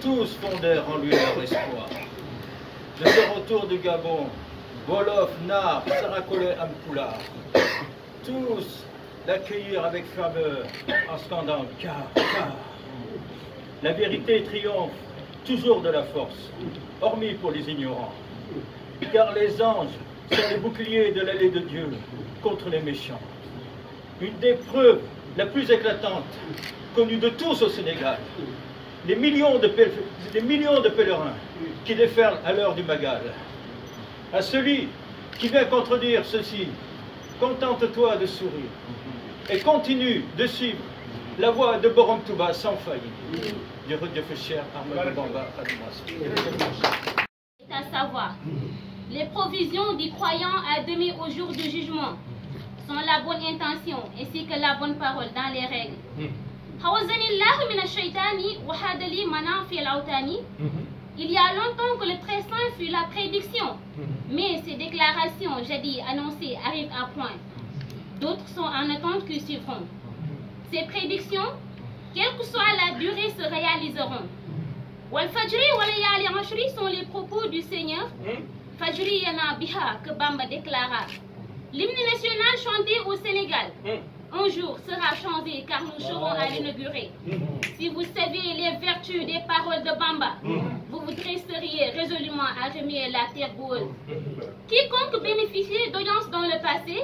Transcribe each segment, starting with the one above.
Tous fondèrent en lui leur espoir. De retour du Gabon, Bolof, Nar, à Ampoulard, tous l'accueillirent avec faveur en scandant car, car. La vérité triomphe toujours de la force, hormis pour les ignorants. Car les anges sont les boucliers de l'allée de Dieu contre les méchants. Une des preuves la plus éclatante connue de tous au Sénégal les millions de, millions de pèlerins qui déferlent à l'heure du Magal, à celui qui vient contredire ceci, contente-toi de sourire et continue de suivre la voie de Borom Touba sans faillite. Du C'est à savoir, les provisions des croyants à demi au jour du jugement sont la bonne intention ainsi que la bonne parole dans les règles. Mhm. Il y a longtemps que le très saint fut la prédiction, mhm. mais ces déclarations dit, annoncées arrivent à point. D'autres sont en attente qui suivront. Mhm. Ces prédictions, quelle que soit la durée, se réaliseront. Wal-Fajri wal sont les propos du Seigneur. Fajri Yana Biha que Bamba déclara. L'hymne national chanté au Sénégal un jour sera changé car nous serons oh. à l'inaugurer. Mm-hmm. Si vous saviez les vertus des paroles de Bamba, mm-hmm. vous vous dresseriez résolument à remuer la terre boueuse. Mm-hmm. Quiconque bénéficiait d'audience dans le passé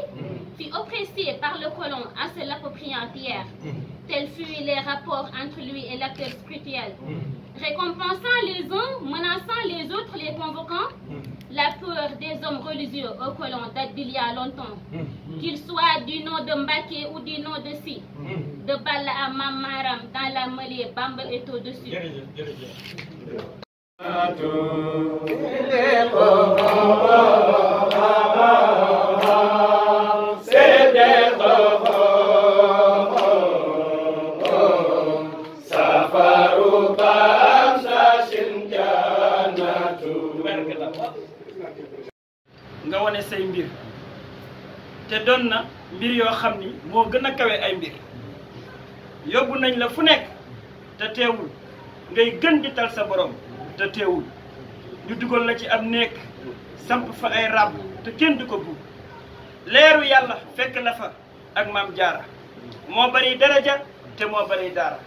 fut oppressé par le colon à se l'appropriant entière. Tels furent les rapports entre lui et l'acteur spirituel. Mm. Récompensant les uns, menaçant les autres, les convoquant, mm. la peur des hommes religieux au colon date d'il y a longtemps. Mm. Qu'ils soient du nom de Mbaké ou du nom de Si, de Bala à Mamaram, dans la mêlée, Bamba est au-dessus. C'est wane say mbir te doon na mbir yoo xam ni moo gën a kawe ay mbir yóbbu nañ la fu nekk te teewul ngay gën di tal sa boroom te teewul ñu dugal la ci ab nekk samp fa ay ràbb te kenn du ko buub leeru yàlla fekk na fa ak maam jaara moo bari daraja te moo bari daara